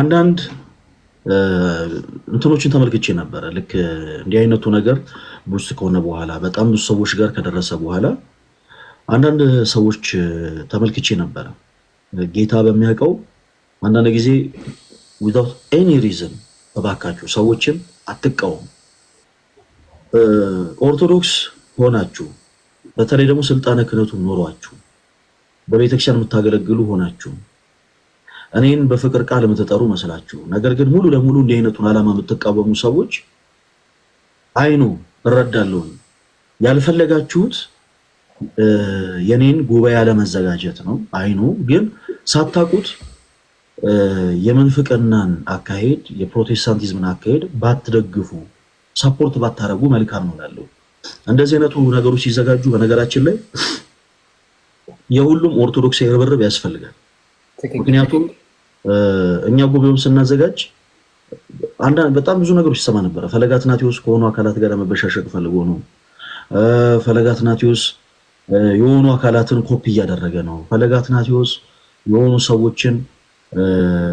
አንዳንድ እንትኖችን ተመልክቼ ነበረ። ልክ እንዲህ አይነቱ ነገር ቡስ ከሆነ በኋላ በጣም ብዙ ሰዎች ጋር ከደረሰ በኋላ አንዳንድ ሰዎች ተመልክቼ ነበረ። ጌታ በሚያውቀው አንዳንድ ጊዜ ዊዛውት ኤኒ ሪዝን እባካችሁ ሰዎችን አትቃወሙ። ኦርቶዶክስ ሆናችሁ በተለይ ደግሞ ስልጣነ ክህነቱ ኖሯችሁ በቤተክርስቲያን የምታገለግሉ ሆናችሁ እኔን በፍቅር ቃል የምትጠሩ መስላችሁ፣ ነገር ግን ሙሉ ለሙሉ እንዲህ አይነቱን ዓላማ የምትቃወሙ ሰዎች አይኑ እረዳለሁኝ። ያልፈለጋችሁት የኔን ጉባኤ አለመዘጋጀት ነው። አይኑ ግን ሳታቁት የምንፍቅናን አካሄድ የፕሮቴስታንቲዝምን አካሄድ ባትደግፉ ሰፖርት ባታደረጉ መልካም ነው እላለሁ። እንደዚህ አይነቱ ነገሮች ሲዘጋጁ በነገራችን ላይ የሁሉም ኦርቶዶክስ ርብርብ ያስፈልጋል። ምክንያቱም እኛ ጉባኤውን ስናዘጋጅ አንዳንድ በጣም ብዙ ነገሮች ይሰማ ነበረ። ፈለገ አትናቴዎስ ከሆኑ አካላት ጋር መበሻሸቅ ፈልጎ ነው። ፈለገ አትናቴዎስ የሆኑ አካላትን ኮፒ እያደረገ ነው። ፈለገ አትናቴዎስ የሆኑ ሰዎችን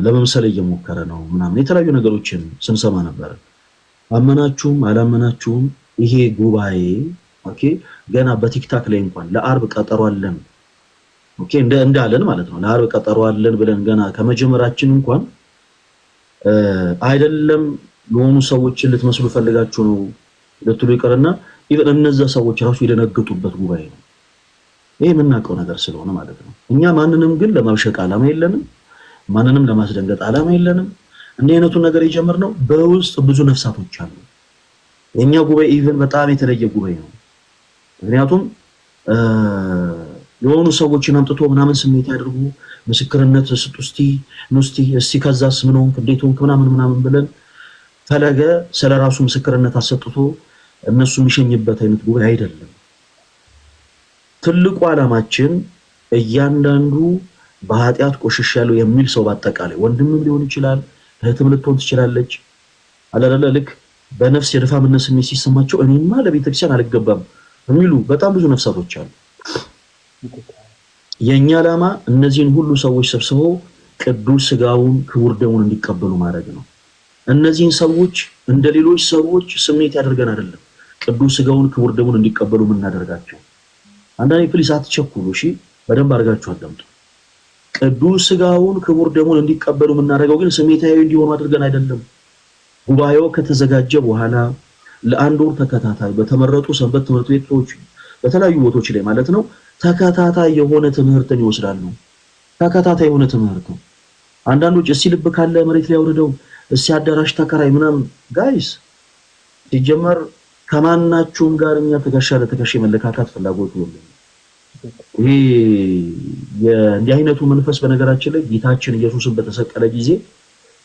ለመምሰል እየሞከረ ነው ምናምን የተለያዩ ነገሮችን ስንሰማ ነበር አመናችሁም አላመናችሁም ይሄ ጉባኤ ገና በቲክታክ ላይ እንኳን ለአርብ ቀጠሯለን ኦኬ እንደ እንዳለን ማለት ነው። ለአርብ ቀጠሮ አለን ብለን ገና ከመጀመራችን እንኳን አይደለም የሆኑ ሰዎችን ልትመስሉ ፈልጋችሁ ነው ልትሉ ይቀርና ኢቨን እነዛ ሰዎች ራሱ የደነገጡበት ጉባኤ ነው። ይሄ የምናውቀው ነገር ስለሆነ ማለት ነው። እኛ ማንንም ግን ለማብሸቅ ዓላማ የለንም። ማንንም ለማስደንገጥ ዓላማ የለንም። እንዲህ አይነቱን ነገር የጀመርነው በውስጥ ብዙ ነፍሳቶች አሉ። የእኛ ጉባኤ ኢቨን በጣም የተለየ ጉባኤ ነው። ምክንያቱም የሆኑ ሰዎችን አምጥቶ ምናምን ስሜት ያድርጉ ምስክርነት ስጡ እስቲ ንስቲ እስቲ ከዛስ ምን ሆንክ እንዴት ሆንክ ምናምን ምናምን ብለን ፈለገ ስለ ራሱ ምስክርነት አሰጥቶ እነሱ የሚሸኝበት አይነት ጉባኤ አይደለም። ትልቁ ዓላማችን እያንዳንዱ በኃጢአት ቆሽሽ ያለው የሚል ሰው በአጠቃላይ ወንድምም ሊሆን ይችላል፣ እህትም ልትሆን ትችላለች። አለለለ ልክ በነፍስ የድፋምነት ስሜት ሲሰማቸው እኔማ ለቤተክርስቲያን አልገባም የሚሉ በጣም ብዙ ነፍሳቶች አሉ። የእኛ ዓላማ እነዚህን ሁሉ ሰዎች ሰብስበው ቅዱስ ስጋውን ክቡር ደሙን እንዲቀበሉ ማድረግ ነው። እነዚህን ሰዎች እንደ ሌሎች ሰዎች ስሜት ያደርገን አይደለም። ቅዱስ ስጋውን ክቡር ደሙን እንዲቀበሉ የምናደርጋቸው አንዳንዴ ፕሊስ አትቸኩሉ። እሺ፣ በደንብ አድርጋችሁ አዳምጡ። ቅዱስ ስጋውን ክቡር ደሙን እንዲቀበሉ የምናደርገው ግን ስሜታዊ እንዲሆኑ አድርገን አይደለም። ጉባኤው ከተዘጋጀ በኋላ ለአንድ ወር ተከታታይ በተመረጡ ሰንበት ትምህርት ቤቶች በተለያዩ ቦታዎች ላይ ማለት ነው ተከታታይ የሆነ ትምህርትን ይወስዳሉ። ተከታታይ የሆነ ትምህርት ነው። አንዳንዶች እሲ ልብ ካለ መሬት ላይ አውርደው እሲ አዳራሽ ተከራይ ምናምን ጋይስ ሲጀመር ከማናችሁም ጋር እኛ ትከሻ ለትከሻ የመለካካት ፍላጎት ይሄ የእንዲህ አይነቱ መንፈስ በነገራችን ላይ ጌታችን ኢየሱስን በተሰቀለ ጊዜ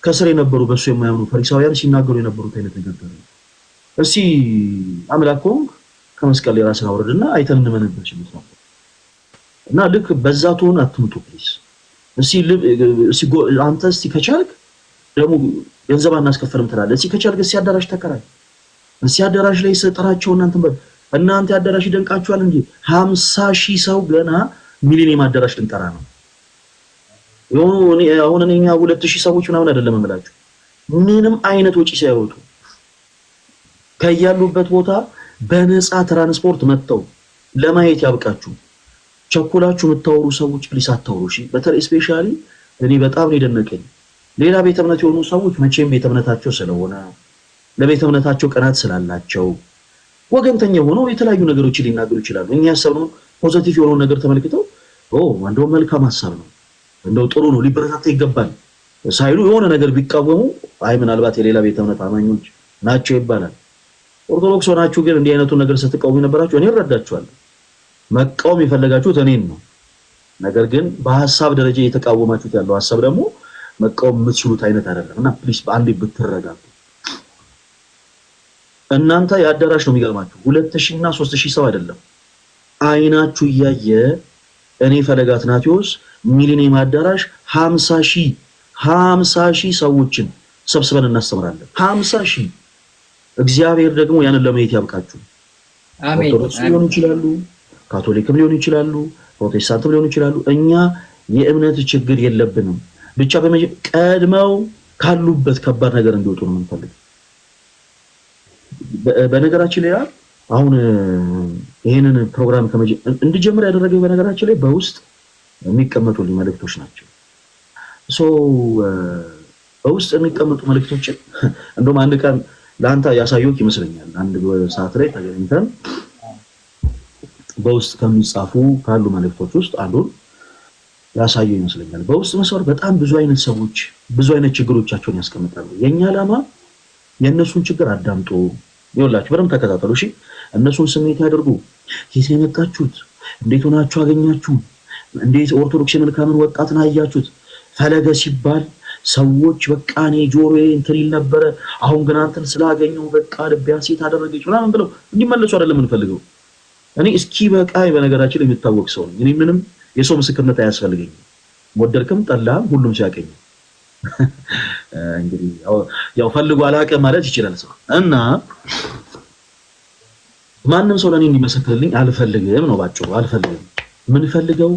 ከስር የነበሩ በሱ የማያምኑ ፈሪሳውያን ሲናገሩ የነበሩት አይነት ነገር ነው። እስቲ አምላክ ከመስቀል ላይ ራስን አውርድና አይተን እንመንበት ነው እና ልክ በዛ ትሆን አትምጡ ፕሊዝ። አንተ እስቲ ከቻልክ ደግሞ ገንዘብ አናስከፈልም ትላለህ። እስቲ ከቻልክ እስቲ አዳራሽ ተከራይ፣ እስቲ አዳራሽ ላይ ስጠራቸው። እናንተን እናንተ አዳራሽ ይደንቃችኋል እንጂ ሀምሳ ሺህ ሰው ገና ሚሊኒየም አዳራሽ ልንጠራ ነው። የሆኑ አሁን እኛ ሁለት ሺህ ሰዎች ምናምን አይደለም እምላችሁ ምንም አይነት ወጪ ሳይወጡ ከያሉበት ቦታ በነፃ ትራንስፖርት መጥተው ለማየት ያብቃችሁ። ቸኩላችሁ የምታወሩ ሰዎች ፕሊስ አታወሩ። እሺ፣ በተለይ ስፔሻሊ እኔ በጣም ነው የደነቀኝ። ሌላ ቤተ እምነት የሆኑ ሰዎች መቼም ቤተ እምነታቸው ስለሆነ ለቤተ እምነታቸው ቀናት ስላላቸው ወገንተኛ ሆነው የተለያዩ ነገሮችን ሊናገሩ ይችላሉ። እኛ ያሰብነው ፖዘቲቭ የሆነውን ነገር ተመልክተው እንደውም መልካም ሀሳብ ነው፣ እንደው ጥሩ ነው፣ ሊበረታታ ይገባል ሳይሉ የሆነ ነገር ቢቃወሙ አይ ምናልባት የሌላ ቤተ እምነት አማኞች ናቸው ይባላል። ኦርቶዶክስ ሆናችሁ ግን እንዲህ አይነቱን ነገር ስትቃወሙ የነበራችሁ እኔ እረዳችኋለሁ። መቃወም የፈለጋችሁት እኔን ነው። ነገር ግን በሀሳብ ደረጃ እየተቃወማችሁት ያለው ሀሳብ ደግሞ መቃወም የምትችሉት አይነት አይደለም እና ፕሊስ በአንዴ ብትረጋጉ። እናንተ የአዳራሽ ነው የሚገርማችሁ፣ ሁለት ሺህ እና ሶስት ሺህ ሰው አይደለም አይናችሁ እያየ እኔ ፈለገ አትናቴዎስ ሚሊኒየም አዳራሽ ሀምሳ ሺህ ሀምሳ ሺህ ሰዎችን ሰብስበን እናስተምራለን። ሀምሳ ሺህ እግዚአብሔር ደግሞ ያንን ለማየት ያብቃችሁ። አሜን። ሊሆኑ ይችላሉ ካቶሊክም ሊሆኑ ይችላሉ፣ ፕሮቴስታንትም ሊሆኑ ይችላሉ። እኛ የእምነት ችግር የለብንም። ብቻ ቀድመው ካሉበት ከባድ ነገር እንዲወጡ ነው የምንፈልግ። በነገራችን ላይ አሁን ይህንን ፕሮግራም እንድጀምር ያደረገው በነገራችን ላይ በውስጥ የሚቀመጡልኝ መልእክቶች ናቸው። በውስጥ የሚቀመጡ መልእክቶችን እንደውም አንድ ቀን ለአንተ ያሳየሁህ ይመስለኛል። አንድ ሰዓት ላይ ተገኝተን በውስጥ ከሚጻፉ ካሉ መልእክቶች ውስጥ አንዱን ያሳየው ይመስለኛል። በውስጥ መስመር በጣም ብዙ አይነት ሰዎች ብዙ አይነት ችግሮቻቸውን ያስቀምጣሉ። የእኛ ዓላማ የእነሱን ችግር አዳምጦ ይኸውላችሁ፣ በደንብ ተከታተሉ እሺ። እነሱን ስሜት ያደርጉ። ኬት የመጣችሁት እንዴት ሆናችሁ አገኛችሁ? እንዴት ኦርቶዶክስ የመልካምን ወጣትን አያችሁት? ፈለገ ሲባል ሰዎች በቃ እኔ ጆሮዬ እንትን ይል ነበረ፣ አሁን ግን አንተን ስላገኘው በቃ ልቤ ሴት አደረገች ምናምን ብለው እንዲመለሱ አይደለም የምንፈልገው እኔ እስኪ በቃ በነገራችን የሚታወቅ ሰው ነኝ። እኔ ምንም የሰው ምስክርነት አያስፈልገኝም። ወደድክም ጠላህም ሁሉም ሲያቀኝ እንግዲህ ያው ፈልጎ አላውቅም ማለት ይችላል ሰው እና ማንም ሰው ለእኔ እንዲመሰክርልኝ አልፈልግም ነው ባጭሩ። አልፈልግም የምንፈልገው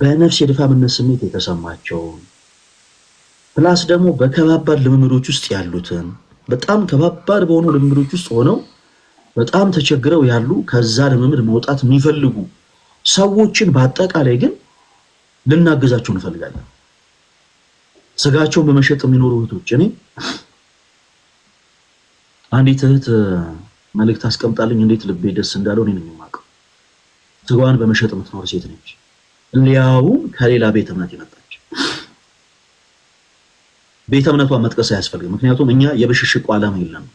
በነፍስ የድካምነት ስሜት የተሰማቸውን ፕላስ ደግሞ በከባባድ ልምምዶች ውስጥ ያሉትን በጣም ከባባድ በሆኑ ልምምዶች ውስጥ ሆነው በጣም ተቸግረው ያሉ ከዛ ልምምድ መውጣት የሚፈልጉ ሰዎችን በአጠቃላይ ግን ልናገዛቸው እንፈልጋለን። ስጋቸውን በመሸጥ የሚኖሩ እህቶች እኔ አንዲት እህት መልእክት አስቀምጣልኝ። እንዴት ልቤ ደስ እንዳለው እኔ ነኝ የማውቀው። ስጋዋን በመሸጥ የምትኖር ሴት ነች። ሊያውም ከሌላ ቤተ እምነት የመጣች ቤተ እምነቷን መጥቀስ አያስፈልግም። ምክንያቱም እኛ የብሽሽቁ ዓላማ የለም።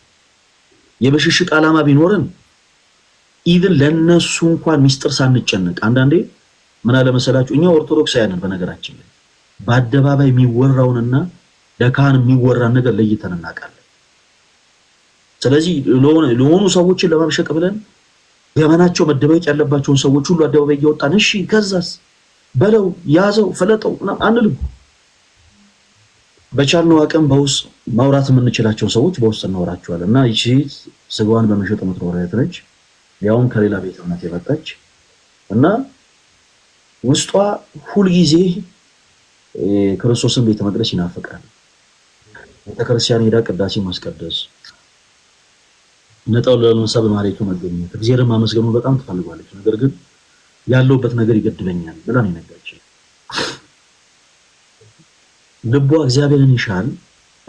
የብሽሽቅ ዓላማ ቢኖረን ኢቭን ለነሱ እንኳን ሚስጥር ሳንጨነቅ አንዳንዴ ምን አለመሰላችሁ እኛ ኦርቶዶክሳውያንን በነገራችን ላይ በአደባባይ የሚወራውንና ለካህን የሚወራን ነገር ለይተን እናውቃለን። ስለዚህ ለሆኑ ሰዎችን ለማብሸቅ ብለን ገመናቸው መደበቅ ያለባቸውን ሰዎች ሁሉ አደባባይ እያወጣን እሺ፣ ከዛስ በለው፣ ያዘው፣ ፍለጠው አንልም። በቻልነው አቅም በውስጥ ማውራት የምንችላቸው ሰዎች በውስጥ እናወራቸዋለን እና ይቺ ስጋዋን በመሸጥ የምትኖር እህት ነች። ያውም ከሌላ ቤተ እምነት የመጣች እና ውስጧ ሁልጊዜ ክርስቶስን ቤተ መቅደስ ይናፍቃል። ቤተክርስቲያን ሄዳ ቅዳሴ ማስቀደስ፣ ነጠው ለመሳ በማሬቱ መገኘት፣ እግዚአብሔርን ማመስገኑ በጣም ትፈልጓለች። ነገር ግን ያለውበት ነገር ይገድበኛል ብላ ነው የነገረችን። ልቧ እግዚአብሔርን ይሻል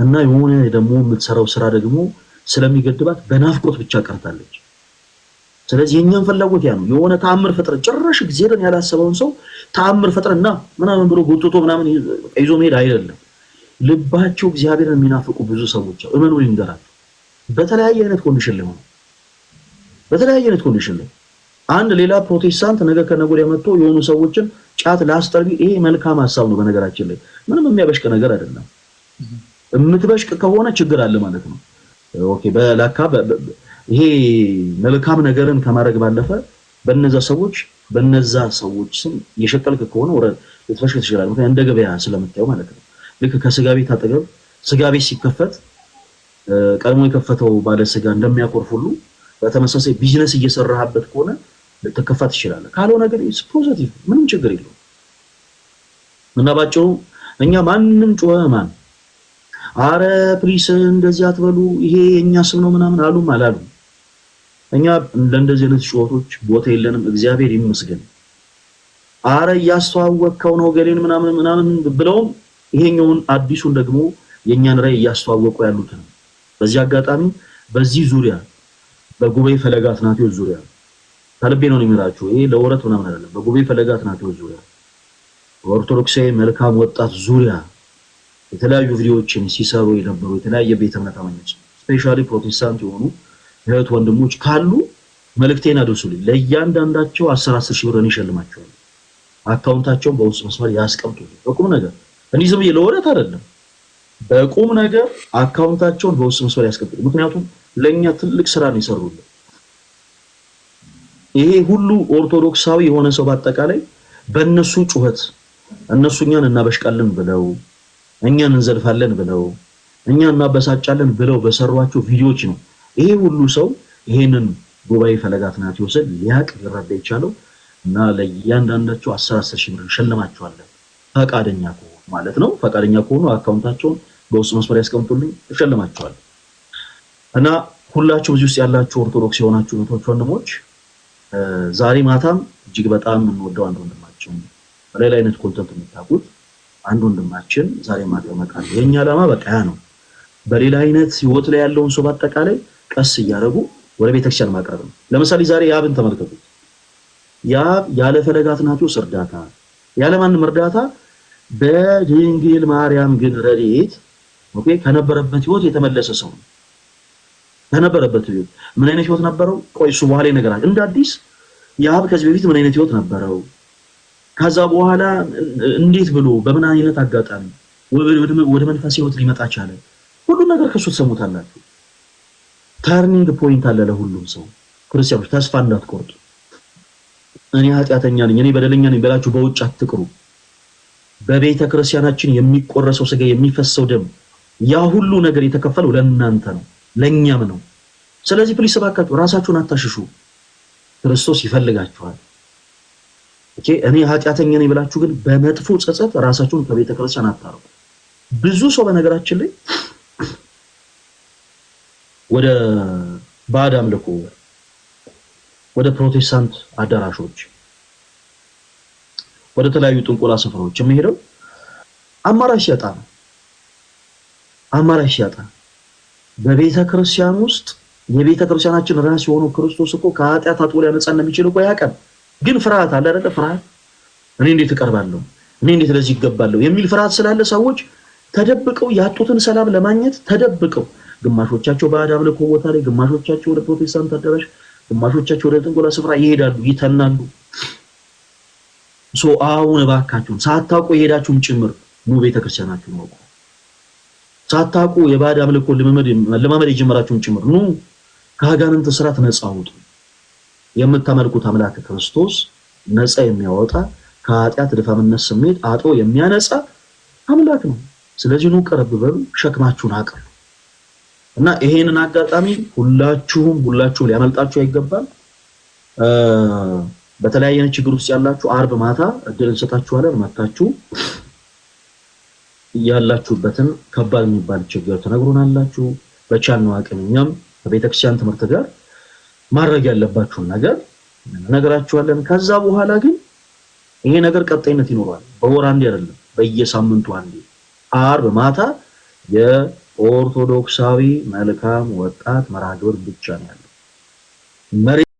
እና የሆነ ደግሞ የምትሰራው ስራ ደግሞ ስለሚገድባት በናፍቆት ብቻ ቀርታለች። ስለዚህ የኛም ፍላጎት ያ ነው። የሆነ ተአምር ፈጥረ ጭራሽ እግዚአብሔርን ያላሰበውን ሰው ተአምር ፈጥረና ምናምን ብሎ ጎትቶ ምናምን ይዞ መሄድ አይደለም። ልባቸው እግዚአብሔርን የሚናፍቁ ብዙ ሰዎች እመኑ ይንገራል። በተለያየ አይነት ኮንዲሽን ላይ ሆነ በተለያየ አይነት ኮንዲሽን ላይ አንድ ሌላ ፕሮቴስታንት ነገ ከነገ ወዲያ መጥቶ የሆኑ ሰዎችን ጫት ለአስተርቢ ይሄ መልካም ሀሳብ ነው። በነገራችን ላይ ምንም የሚያበሽቅ ነገር አይደለም። የምትበሽቅ ከሆነ ችግር አለ ማለት ነው። ኦኬ በላካ ይሄ መልካም ነገርን ከማድረግ ባለፈ በነዛ ሰዎች በነዛ ሰዎች ስም እየሸቀልክ ከሆነ ወረ ልትበሽቅ ትችላለህ። እንደ ገበያ ስለምታየው ማለት ነው። ልክ ከስጋ ቤት አጠገብ ስጋ ቤት ሲከፈት ቀድሞ የከፈተው ባለ ስጋ እንደሚያኮርፍ ሁሉ በተመሳሳይ ቢዝነስ እየሰራህበት ከሆነ ልትከፋ ትችላለህ። ካልሆነ ግን ፖዚቲቭ ምንም ችግር የለውም። እና ባጭሩ እኛ ማንም ጮኸ ማን አረ ፕሪስ እንደዚህ አትበሉ ይሄ የኛ ስም ነው ምናምን አሉም አላሉ እኛ ለእንደዚህ አይነት ጩኸቶች ቦታ የለንም። እግዚአብሔር ይመስገን። አረ እያስተዋወቅከው ነው ገሌን ምናምን ምናምን ብለውም ይሄኛውን አዲሱን ደግሞ የእኛን ራዕይ እያስተዋወቁ ያሉትን በዚህ አጋጣሚ በዚህ ዙሪያ በጉባኤ ፈለገ አትናትዮስ ዙሪያ ከልቤ ነው የሚላችሁ። ይሄ ለወረት ምናምን አይደለም። በጉቤ ፈለጋት ናቸው ዙሪያ በኦርቶዶክሳዊ መልካም ወጣት ዙሪያ የተለያዩ ቪዲዮዎችን ሲሰሩ የነበሩ የተለያየ ቤተ እምነት አማኞች ስፔሻሊ ፕሮቴስታንት የሆኑ እህት ወንድሞች ካሉ መልእክቴን አድርሱልኝ። ለእያንዳንዳቸው አስር አስር ሺህ ብር እኔ እሸልማቸዋለሁ። አካውንታቸውን በውስጥ መስመር ያስቀምጡ። በቁም ነገር እንዲህ ዝም ብዬ ለወረት አይደለም። በቁም ነገር አካውንታቸውን በውስጥ መስመር ያስቀምጡ። ምክንያቱም ለእኛ ትልቅ ስራ ነው የሰሩልን ይሄ ሁሉ ኦርቶዶክሳዊ የሆነ ሰው በአጠቃላይ በእነሱ ጩኸት እነሱ እኛን እናበሽቃለን ብለው እኛን እንዘልፋለን ብለው እኛን እናበሳጫለን ብለው በሰሯቸው ቪዲዮዎች ነው ይሄ ሁሉ ሰው ይሄንን ጉባኤ ፈለገ አትናትዮስን ሊያቅ ሊረዳ የቻለው እና ለእያንዳንዳቸው አስር አስር ሺህ ብር እንሸልማቸዋለን ፈቃደኛ ከሆኑ ማለት ነው። ፈቃደኛ ከሆኑ አካውንታቸውን በውስጥ መስመር ያስቀምጡልኝ እሸልማቸዋለን። እና ሁላቸው እዚህ ውስጥ ያላችሁ ኦርቶዶክስ የሆናችሁ እህቶች ወንድሞች ዛሬ ማታም እጅግ በጣም የምንወደው አንድ ወንድማችን በሌላ አይነት ኮንተንት የምታውቁት አንድ ወንድማችን ዛሬ ማታ ይመጣል። የእኛ ዓላማ በቃ ያ ነው። በሌላ አይነት ህይወት ላይ ያለውን ሰው በአጠቃላይ ቀስ እያደረጉ ወደ ቤተክርስቲያን ማቅረብ ነው። ለምሳሌ ዛሬ ያብን ተመልከቱት። ያብ ያለ ፈለገ አትናቴዎስ እርዳታ ያለ ማንም እርዳታ በድንግል ማርያም ግን ረድኤት ከነበረበት ህይወት የተመለሰ ሰው ነው። ከነበረበት ህይወት ምን አይነት ህይወት ነበረው? ቆይ እሱ በኋላ ይነገራል። እንደ አዲስ የአብ ከዚህ በፊት ምን አይነት ህይወት ነበረው? ከዛ በኋላ እንዴት ብሎ በምን አይነት አጋጣሚ ወደ መንፈስ ህይወት ሊመጣ ቻለ? ሁሉ ነገር ከሱ ትሰሙታላችሁ። ተርኒንግ ፖይንት አለ ለሁሉም ሰው። ክርስቲያኖች ተስፋ እንዳትቆርጡ። እኔ ኃጢአተኛ ነኝ፣ እኔ በደለኛ ነኝ በላችሁ በውጭ አትቅሩ። በቤተ ክርስቲያናችን የሚቆረሰው ስጋ የሚፈሰው ደም ያ ሁሉ ነገር የተከፈለው ለእናንተ ነው። ለእኛም ነው። ስለዚህ ፕሊስ እባካችሁ ራሳችሁን አታሽሹ። ክርስቶስ ይፈልጋችኋል። ኦኬ እኔ ኃጢአተኛ ነኝ ብላችሁ ግን በመጥፎ ጸጸት ራሳችሁን ከቤተ ክርስቲያን አታርቁ። ብዙ ሰው በነገራችን ላይ ወደ ባዕድ አምልኮ ወደ ፕሮቴስታንት አዳራሾች ወደ ተለያዩ ጥንቆላ ስፍራዎች የሚሄደው አማራጭ ሲያጣ ነው። አማራጭ ሲያጣ በቤተ ክርስቲያን ውስጥ የቤተ ክርስቲያናችን ራስ የሆኑ ክርስቶስ እኮ ከኃጢአት አጥቦ ሊያነጻን የሚችል እኮ ያውቃል። ግን ፍርሃት አለ አይደለ? ፍርሃት እኔ እንዴት እቀርባለሁ፣ እኔ እንዴት ለዚህ ይገባለሁ የሚል ፍርሃት ስላለ ሰዎች ተደብቀው ያጡትን ሰላም ለማግኘት ተደብቀው፣ ግማሾቻቸው ባዕድ አምልኮ ቦታ ላይ፣ ግማሾቻቸው ወደ ፕሮቴስታንት አዳራሽ፣ ግማሾቻቸው ወደ ጥንቆላ ስፍራ ይሄዳሉ፣ ይተናሉ። ሶ አሁን እባካችሁን ሳታውቁ የሄዳችሁም ጭምር ኑ ቤተክርስቲያናችሁን ወቁ። ሳታውቁ የባዕድ አምልኮ ልማመድ የጀመራችሁን ጭምር ኑ ከአጋንንት ስራት ነፃ የምታመልኩት አምላክ ክርስቶስ ነፃ የሚያወጣ ከኃጢአት ድፋምነት ስሜት አጦ የሚያነጻ አምላክ ነው። ስለዚህ ኑ ቀረብ በሉ፣ ሸክማችሁን አቅሉ እና ይሄንን አጋጣሚ ሁላችሁም ሁላችሁም ሊያመልጣችሁ አይገባም። በተለያየን ችግር ውስጥ ያላችሁ አርብ ማታ እድል እንሰጣችኋለን መታችሁ ያላችሁበትን ከባድ የሚባል ችግር ተነግሮናላችሁ በቻልነው አቅም እኛም ከቤተክርስቲያን ትምህርት ጋር ማድረግ ያለባችሁን ነገር ነገራችኋለን። ከዛ በኋላ ግን ይሄ ነገር ቀጣይነት ይኖረዋል። በወር አንዴ አይደለም፣ በየሳምንቱ አንዴ አርብ ማታ የኦርቶዶክሳዊ መልካም ወጣት መርሃ ግብር ብቻ ነው ያለው።